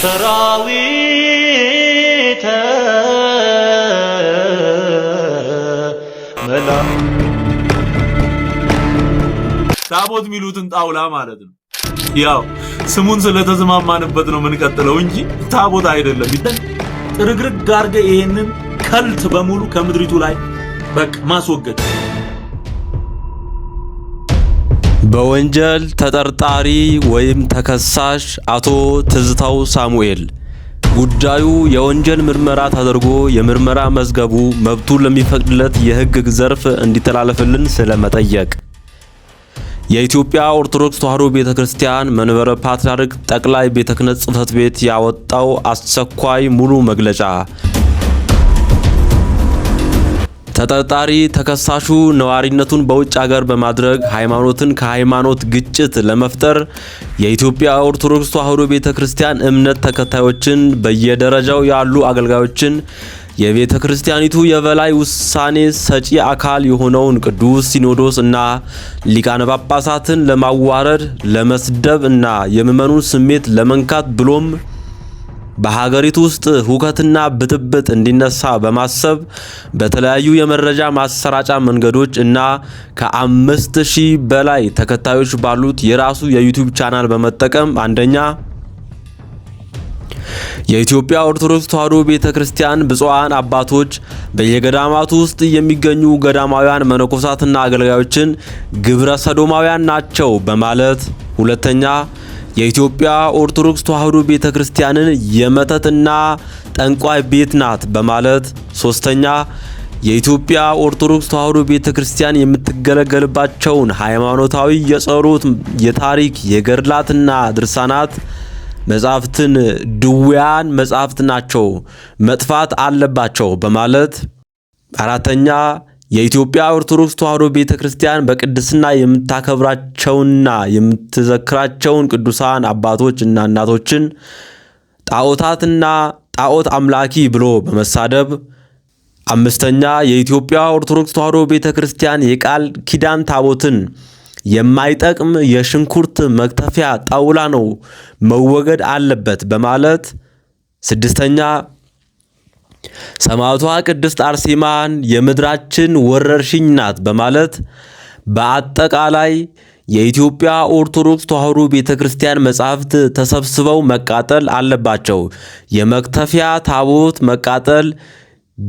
ሰራዊተ መላም ታቦት የሚሉትን ጣውላ ማለት ነው። ያው ስሙን ስለተዝማማንበት ነው የምንቀጥለው እንጂ ታቦት አይደለም። ይተን ጥርግርግ አድርገህ ይሄንን ከልት በሙሉ ከምድሪቱ ላይ በቃ ማስወገድ በወንጀል ተጠርጣሪ ወይም ተከሳሽ አቶ ትዝታው ሳሙኤል ጉዳዩ የወንጀል ምርመራ ተደርጎ የምርመራ መዝገቡ መብቱ ለሚፈቅድለት የህግ ዘርፍ እንዲተላለፍልን ስለመጠየቅ የኢትዮጵያ ኦርቶዶክስ ተዋሕዶ ቤተ ክርስቲያን መንበረ ፓትርያርክ ጠቅላይ ቤተ ክህነት ጽሕፈት ቤት ያወጣው አስቸኳይ ሙሉ መግለጫ ተጠርጣሪ ተከሳሹ ነዋሪነቱን በውጭ ሀገር በማድረግ ሃይማኖትን ከሃይማኖት ግጭት ለመፍጠር የኢትዮጵያ ኦርቶዶክስ ተዋሕዶ ቤተ ክርስቲያን እምነት ተከታዮችን በየደረጃው ያሉ አገልጋዮችን የቤተ ክርስቲያኒቱ የበላይ ውሳኔ ሰጪ አካል የሆነውን ቅዱስ ሲኖዶስ እና ሊቃነ ጳጳሳትን ለማዋረድ፣ ለመስደብ እና የምዕመኑን ስሜት ለመንካት ብሎም በሀገሪቱ ውስጥ ሁከትና ብጥብጥ እንዲነሳ በማሰብ በተለያዩ የመረጃ ማሰራጫ መንገዶች እና ከአምስት ሺህ በላይ ተከታዮች ባሉት የራሱ የዩቲዩብ ቻናል በመጠቀም አንደኛ የኢትዮጵያ ኦርቶዶክስ ተዋሕዶ ቤተ ክርስቲያን ብፁዓን አባቶች በየገዳማቱ ውስጥ የሚገኙ ገዳማውያን መነኮሳትና አገልጋዮችን ግብረ ሰዶማውያን ናቸው በማለት ሁለተኛ የኢትዮጵያ ኦርቶዶክስ ተዋሕዶ ቤተ ክርስቲያንን የመተትና ጠንቋይ ቤት ናት በማለት ሶስተኛ የኢትዮጵያ ኦርቶዶክስ ተዋሕዶ ቤተ ክርስቲያን የምትገለገልባቸውን ሃይማኖታዊ የጸሎት፣ የታሪክ፣ የገድላትና ድርሳናት መጻሕፍትን ድውያን መጻሕፍት ናቸው፣ መጥፋት አለባቸው በማለት አራተኛ የኢትዮጵያ ኦርቶዶክስ ተዋሕዶ ቤተ ክርስቲያን በቅድስና የምታከብራቸውና የምትዘክራቸውን ቅዱሳን አባቶች እና እናቶችን ጣዖታትና ጣዖት አምላኪ ብሎ በመሳደብ አምስተኛ የኢትዮጵያ ኦርቶዶክስ ተዋሕዶ ቤተ ክርስቲያን የቃል ኪዳን ታቦትን የማይጠቅም የሽንኩርት መክተፊያ ጣውላ ነው፣ መወገድ አለበት በማለት ስድስተኛ ሰማዕቷ ቅድስት አርሴማን የምድራችን ወረርሽኝ ናት በማለት በአጠቃላይ የኢትዮጵያ ኦርቶዶክስ ተዋሕዶ ቤተ ክርስቲያን መጻሕፍት ተሰብስበው መቃጠል አለባቸው፣ የመክተፊያ ታቦት መቃጠል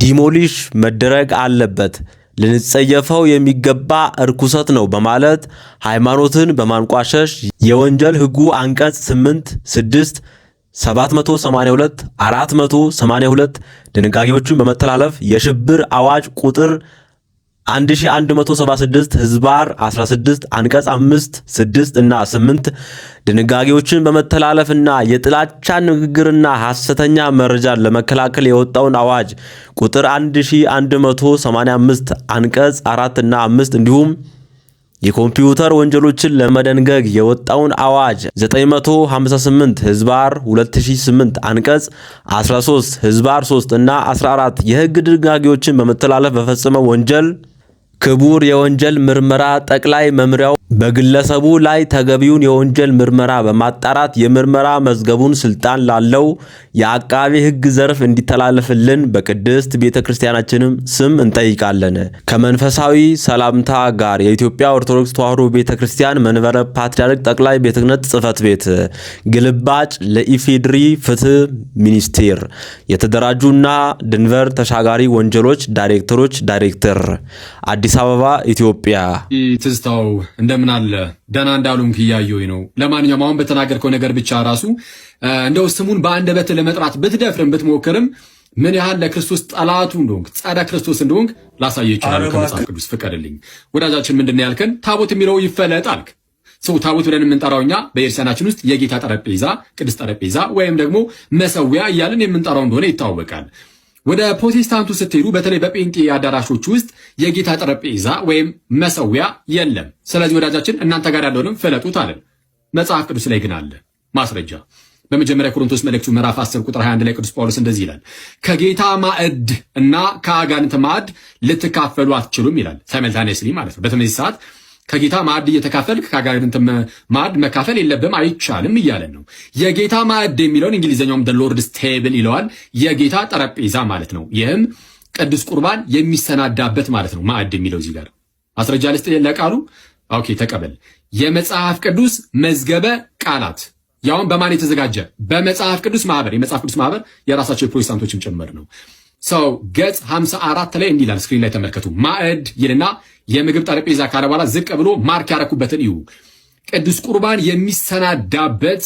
ዲሞሊሽ መደረግ አለበት፣ ልንጸየፈው የሚገባ እርኩሰት ነው በማለት ሃይማኖትን በማንቋሸሽ የወንጀል ሕጉ አንቀጽ 8 6 782 482 ድንጋጌዎችን በመተላለፍ የሽብር አዋጅ ቁጥር 1176 ህዝባር 16 አንቀጽ 5 6 እና 8 ድንጋጌዎችን በመተላለፍና የጥላቻ ንግግርና ሐሰተኛ መረጃን ለመከላከል የወጣውን አዋጅ ቁጥር 1185 አንቀጽ 4 እና 5 እንዲሁም የኮምፒውተር ወንጀሎችን ለመደንገግ የወጣውን አዋጅ 958 ህዝባር 2008 አንቀጽ 13 ህዝባር 3 እና 14 የህግ ድንጋጌዎችን በመተላለፍ በፈጸመ ወንጀል ክቡር የወንጀል ምርመራ ጠቅላይ መምሪያው በግለሰቡ ላይ ተገቢውን የወንጀል ምርመራ በማጣራት የምርመራ መዝገቡን ስልጣን ላለው የአቃቤ ሕግ ዘርፍ እንዲተላለፍልን በቅድስት ቤተ ክርስቲያናችንም ስም እንጠይቃለን። ከመንፈሳዊ ሰላምታ ጋር የኢትዮጵያ ኦርቶዶክስ ተዋሕዶ ቤተ ክርስቲያን መንበረ ፓትርያርክ ጠቅላይ ቤተ ክህነት ጽሕፈት ቤት ግልባጭ ለኢፌድሪ ፍትህ ሚኒስቴር የተደራጁና ድንበር ተሻጋሪ ወንጀሎች ዳይሬክተሮች ዳይሬክተር አዲስ አበባ ኢትዮጵያ። ትዝታው እንደምን አለ? ደህና እንዳሉም ክያየሁኝ ነው። ለማንኛውም አሁን በተናገርከው ነገር ብቻ ራሱ እንደው ስሙን በአንደበት ለመጥራት ብትደፍርም ብትሞክርም ምን ያህል ለክርስቶስ ጠላቱ እንደሆንክ ጸረ ክርስቶስ እንደሆንክ ላሳየ ይችላሉ። ከመጽሐፍ ቅዱስ ፍቀድልኝ። ወዳጃችን ምንድን ያልከን ታቦት የሚለው ይፈለጥ አልክ። ሰው ታቦት ብለን የምንጠራው እኛ በኤርሰናችን ውስጥ የጌታ ጠረጴዛ፣ ቅዱስ ጠረጴዛ ወይም ደግሞ መሰዊያ እያልን የምንጠራው እንደሆነ ይታወቃል። ወደ ፕሮቴስታንቱ ስትሄዱ በተለይ በጴንጤ አዳራሾች ውስጥ የጌታ ጠረጴዛ ወይም መሰዊያ የለም። ስለዚህ ወዳጃችን እናንተ ጋር ያለውንም ፍለጡት አለን። መጽሐፍ ቅዱስ ላይ ግን አለ ማስረጃ። በመጀመሪያ ቆሮንቶስ መልእክቱ ምዕራፍ 10 ቁጥር 21 ላይ ቅዱስ ጳውሎስ እንደዚህ ይላል፣ ከጌታ ማዕድ እና ከአጋንንት ማዕድ ልትካፈሉ አትችሉም ይላል። ሳይመልታኔስሊ ማለት ነው። በተመዚህ ሰዓት ከጌታ ማዕድ እየተካፈልክ ከአጋንንት ማዕድ መካፈል የለብም አይቻልም እያለን ነው። የጌታ ማዕድ የሚለውን እንግሊዝኛውም ደ ሎርድስ ቴብል ይለዋል። የጌታ ጠረጴዛ ማለት ነው። ይህም ቅዱስ ቁርባን የሚሰናዳበት ማለት ነው። ማዕድ የሚለው እዚህ ጋር ማስረጃ ልስጥ ለቃሉ። ኦኬ ተቀበል። የመጽሐፍ ቅዱስ መዝገበ ቃላት ያውም በማን የተዘጋጀ በመጽሐፍ ቅዱስ ማህበር። የመጽሐፍ ቅዱስ ማህበር የራሳቸው የፕሮቴስታንቶችም ጭምር ነው። ሰው ገጽ 54 ላይ እንዲላል ስክሪን ላይ ተመልከቱ። ማዕድ ይልና የምግብ ጠረጴዛ ካለ በኋላ ዝቅ ብሎ ማርክ ያረኩበትን ይሁ ቅዱስ ቁርባን የሚሰናዳበት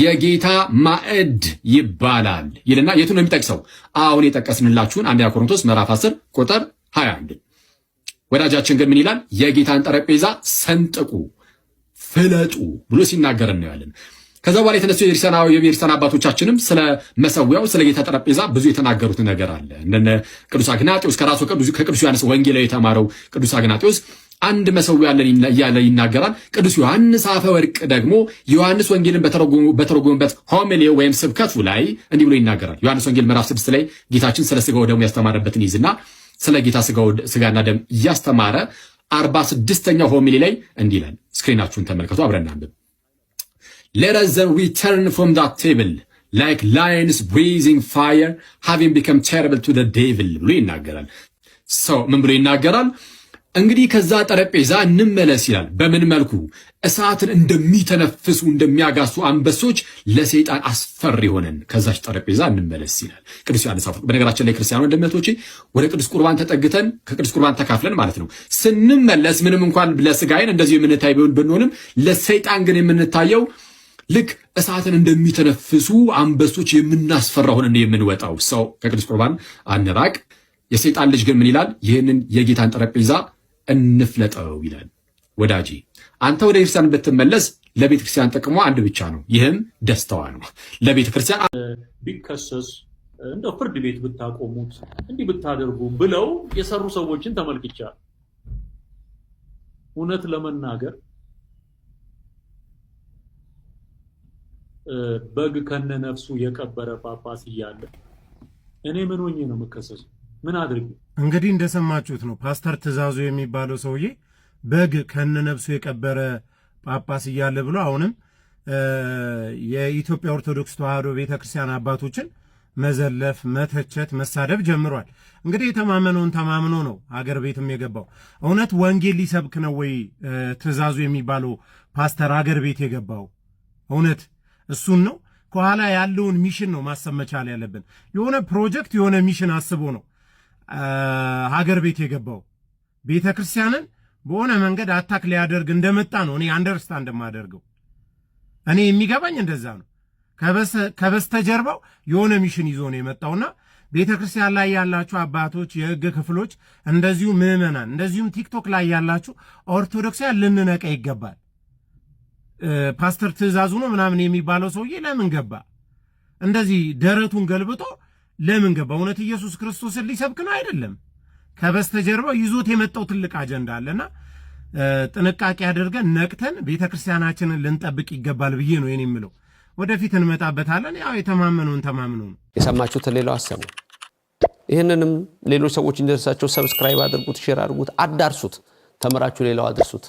የጌታ ማዕድ ይባላል ይልና የቱ ነው የሚጠቅሰው? አሁን የጠቀስንላችሁን አንደኛ ቆሮንቶስ ምዕራፍ 10 ቁጥር 21። ወዳጃችን ግን ምን ይላል? የጌታን ጠረጴዛ ሰንጥቁ፣ ፍለጡ ብሎ ሲናገር እናያለን። ከዛ በኋላ የተነሱ የቤርሰና አባቶቻችንም ስለ መሰዊያው ስለ ጌታ ጠረጴዛ ብዙ የተናገሩት ነገር አለ። እንደነ ቅዱስ አግናጤዎስ ከራሱ ከቅዱስ ዮሐንስ ወንጌላዊ የተማረው ቅዱስ አግናጤዎስ አንድ መሰዊያ አለን እያለ ይናገራል። ቅዱስ ዮሐንስ አፈ ወርቅ ደግሞ ዮሐንስ ወንጌልን በተረጎመበት ሆሜሌ ወይም ስብከቱ ላይ እንዲህ ብሎ ይናገራል። ዮሐንስ ወንጌል ምዕራፍ ስድስት ላይ ጌታችን ስለ ስጋው ደግሞ ያስተማረበትን ይዝና ስለ ጌታ ስጋና ደም እያስተማረ አርባ ስድስተኛው ሆሜሊ ላይ እንዲህ ይላል። ስክሪናችሁን ተመልከቱ፣ አብረን Let us then return from that table like lions breathing fire having become terrible to the devil ብሎ ይናገራል። ሰው ምን ብሎ ይናገራል? እንግዲህ ከዛ ጠረጴዛ እንመለስ ይላል። በምን መልኩ? እሳትን እንደሚተነፍሱ እንደሚያጋሱ አንበሶች ለሰይጣን አስፈሪ ሆነን ከዛች ጠረጴዛ እንመለስ ይላል ቅዱስ ዮሐንስ አፈወርቅ። በነገራችን ላይ ክርስቲያን ወንድምቶቼ ወደ ቅዱስ ቁርባን ተጠግተን ከቅዱስ ቁርባን ተካፍለን ማለት ነው ስንመለስ ምንም እንኳን ለስጋይን እንደዚሁ የምንታይ ብንሆንም ለሰይጣን ግን የምንታየው ልክ እሳትን እንደሚተነፍሱ አንበሶች የምናስፈራ ሆነን የምንወጣው ሰው ከቅዱስ ቁርባን አንራቅ የሰይጣን ልጅ ግን ምን ይላል? ይህንን የጌታን ጠረጴዛ እንፍለጠው ይላል። ወዳጄ አንተ ወደ ክርስቲያን ብትመለስ ለቤተ ክርስቲያን ጥቅሟ አንድ ብቻ ነው፣ ይህም ደስታዋ ነው። ለቤተ ክርስቲያን ቢከሰስ እንደ ፍርድ ቤት ብታቆሙት እንዲህ ብታደርጉ ብለው የሰሩ ሰዎችን ተመልክቻል። እውነት ለመናገር በግ ነፍሱ የቀበረ ጳጳስ እያለ እኔ ምን ሆኜ ነው መከሰሱ? ምን አድርጌ? እንግዲህ እንደሰማችሁት ነው ፓስተር ትእዛዙ የሚባለው ሰውዬ በግ ነፍሱ የቀበረ ጳጳስ እያለ ብሎ አሁንም የኢትዮጵያ ኦርቶዶክስ ቤተ ቤተክርስቲያን አባቶችን መዘለፍ፣ መተቸት፣ መሳደብ ጀምሯል። እንግዲህ የተማመነውን ተማምኖ ነው አገር ቤትም የገባው። እውነት ወንጌል ሊሰብክ ነው ወይ ትእዛዙ የሚባለው ፓስተር አገር ቤት የገባው እውነት እሱን ነው ከኋላ ያለውን ሚሽን ነው ማሰብ መቻል ያለብን። የሆነ ፕሮጀክት የሆነ ሚሽን አስቦ ነው ሀገር ቤት የገባው ቤተ ክርስቲያንን በሆነ መንገድ አታክ ሊያደርግ እንደመጣ ነው እኔ አንደርስታ እንደማደርገው። እኔ የሚገባኝ እንደዛ ነው። ከበስተጀርባው የሆነ ሚሽን ይዞ ነው የመጣውና ቤተ ክርስቲያን ላይ ያላችሁ አባቶች፣ የህግ ክፍሎች፣ እንደዚሁም ምዕመናን፣ እንደዚሁም ቲክቶክ ላይ ያላችሁ ኦርቶዶክሳውያን ልንነቃ ይገባል። ፓስተር ትእዛዙ ነው ምናምን የሚባለው ሰውዬ ለምን ገባ? እንደዚህ ደረቱን ገልብጦ ለምን ገባ? እውነት ኢየሱስ ክርስቶስን ሊሰብክ ነው አይደለም። ከበስተጀርባው ይዞት የመጣው ትልቅ አጀንዳ አለና ጥንቃቄ አድርገን ነቅተን ቤተ ክርስቲያናችንን ልንጠብቅ ይገባል ብዬ ነው የኔ የምለው። ወደፊት እንመጣበታለን። ያው የተማመኑን ተማምኑ። የሰማችሁትን ሌላው አሰሙ። ይህንንም ሌሎች ሰዎች እንደርሳቸው ሰብስክራይብ አድርጉት፣ ሼር አድርጉት፣ አዳርሱት፣ ተምራችሁ ሌላው አድርሱት።